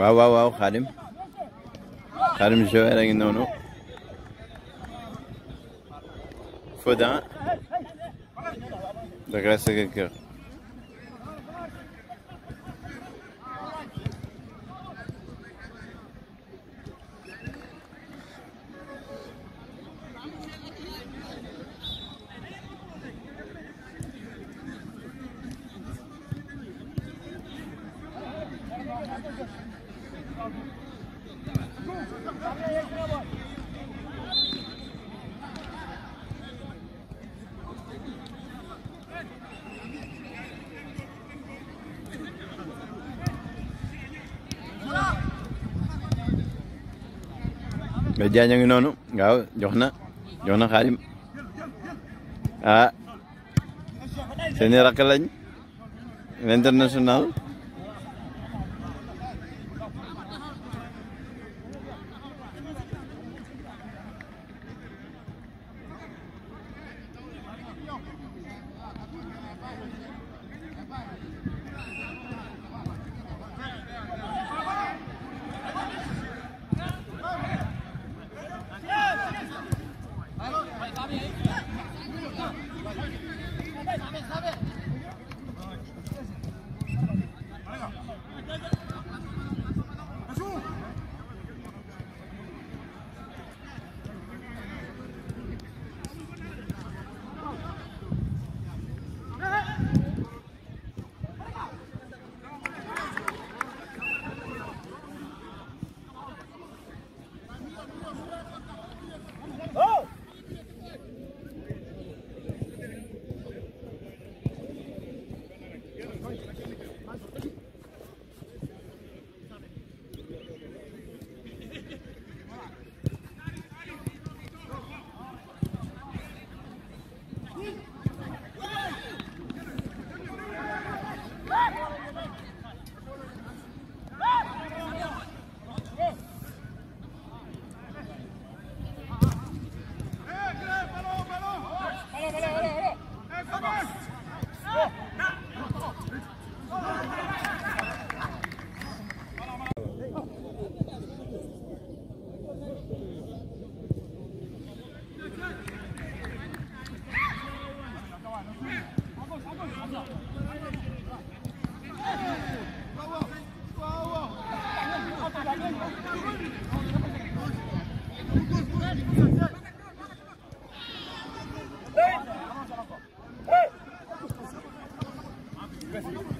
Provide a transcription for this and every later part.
واو واو واو خادم خادم الجوهرة نونو فودا دغرا سكر mais jaaña ngi noonu waaw jox na jox na xaadim ah seeni rakk lañ Gracias.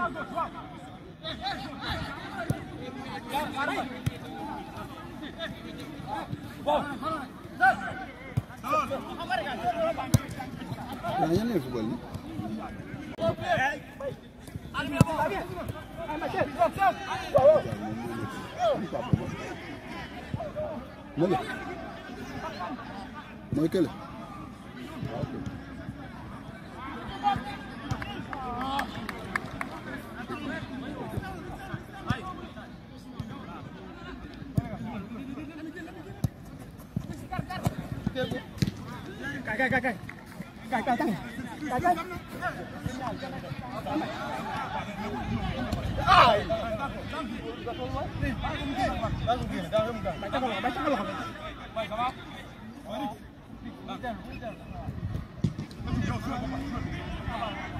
Caldo, drop. cài cài cài cài cài cài cài cài cài ai Thank you.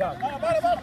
Bak. Bak. Bak.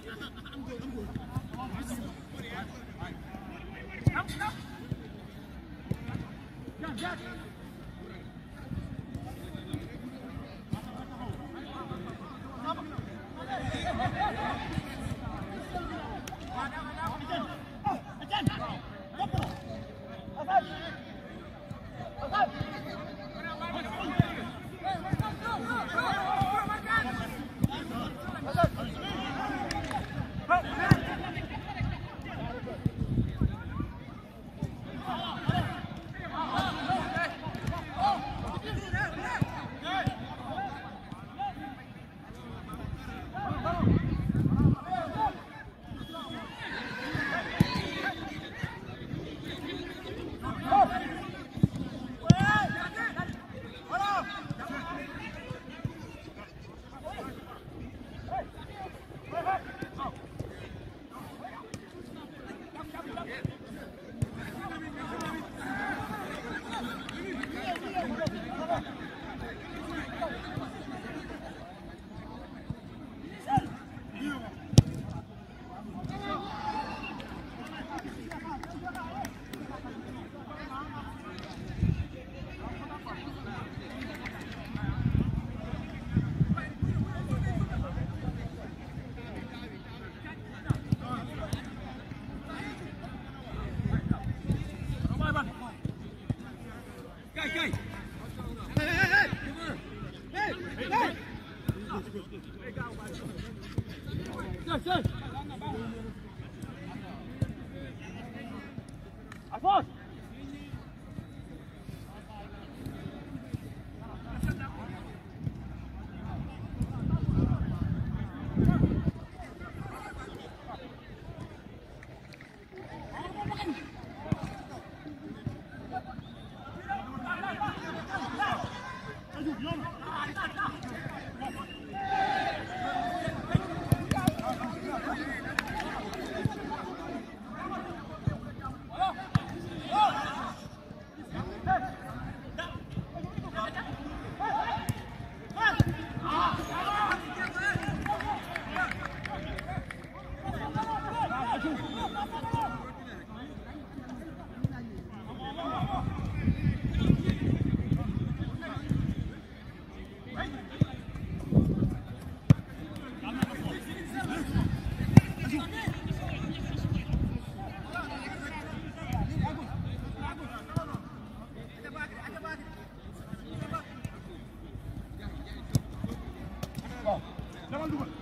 one.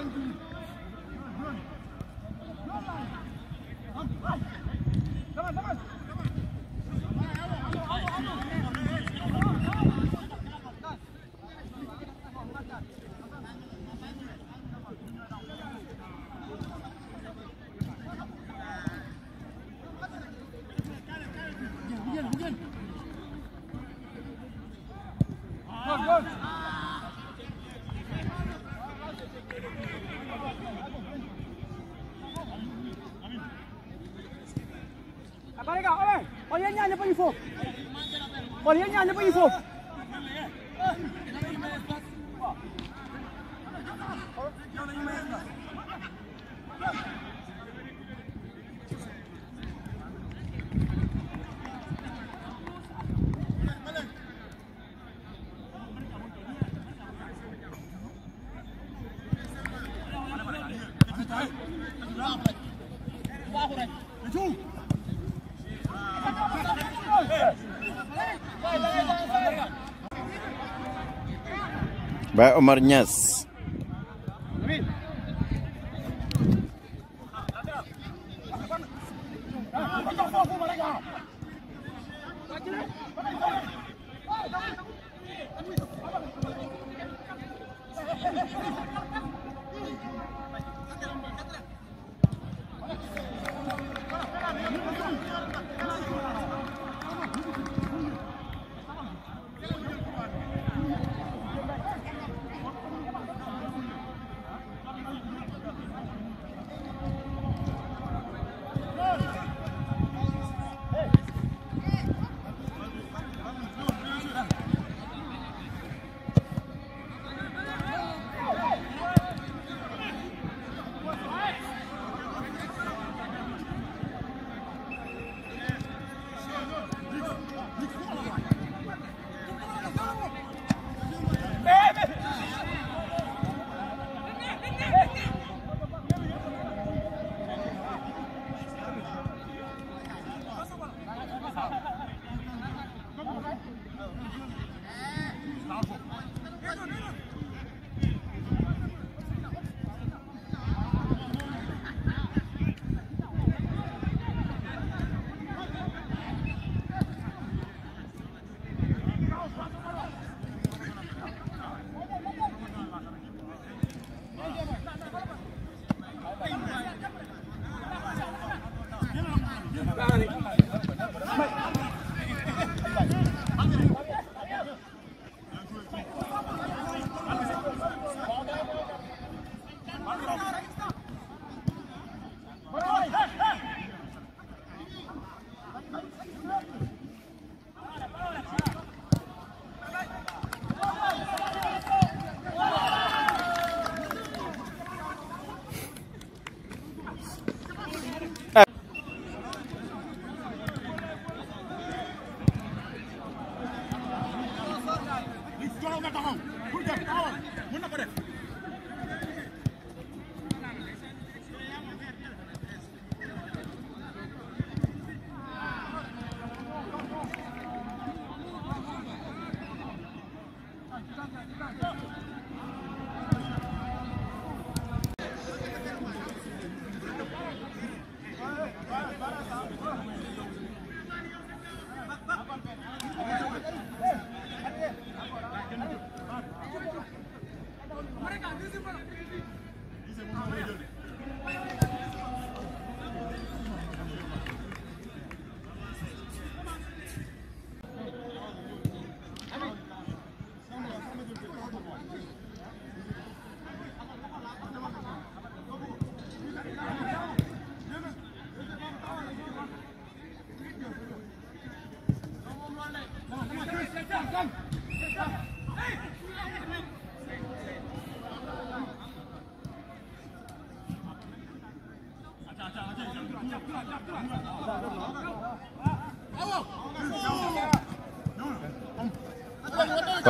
Thank you. info. Por aí, olha para info. by Omar Nyas.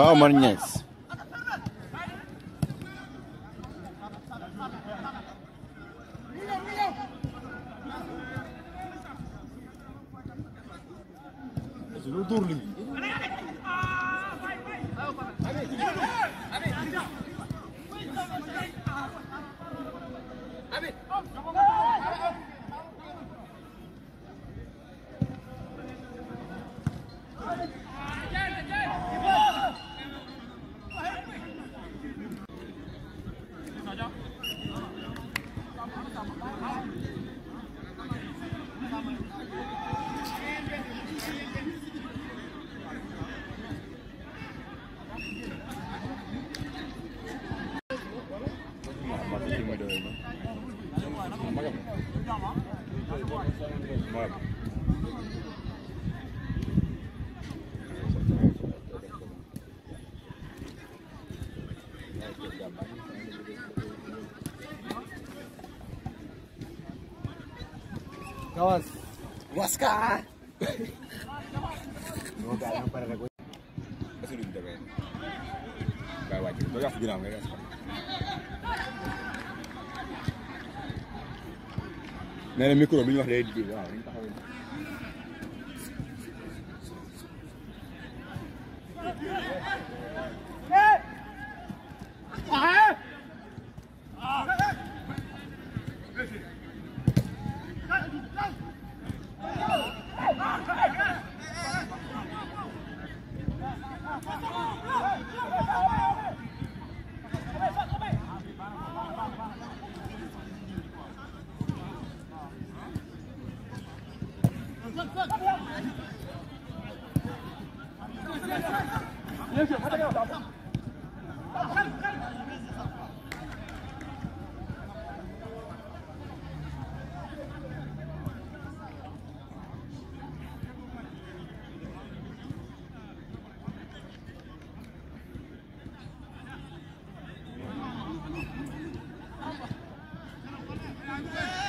vamos Marinhense. Oscar. nee na micro bi ñu wax day di waaw Amen.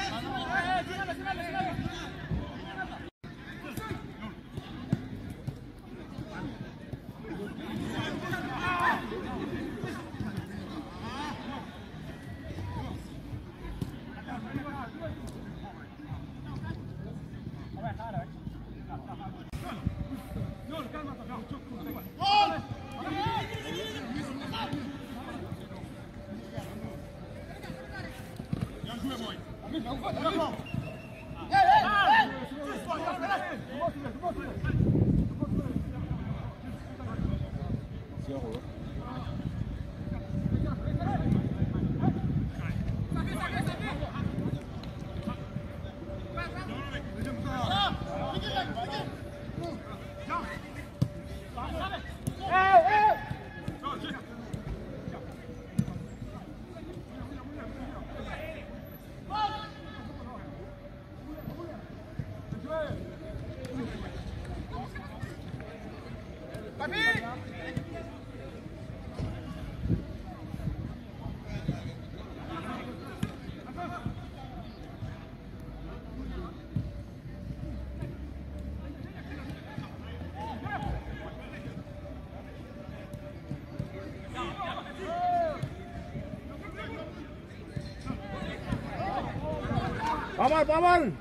빠만 빠만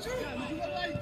Shoot!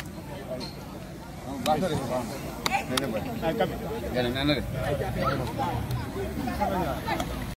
Come here.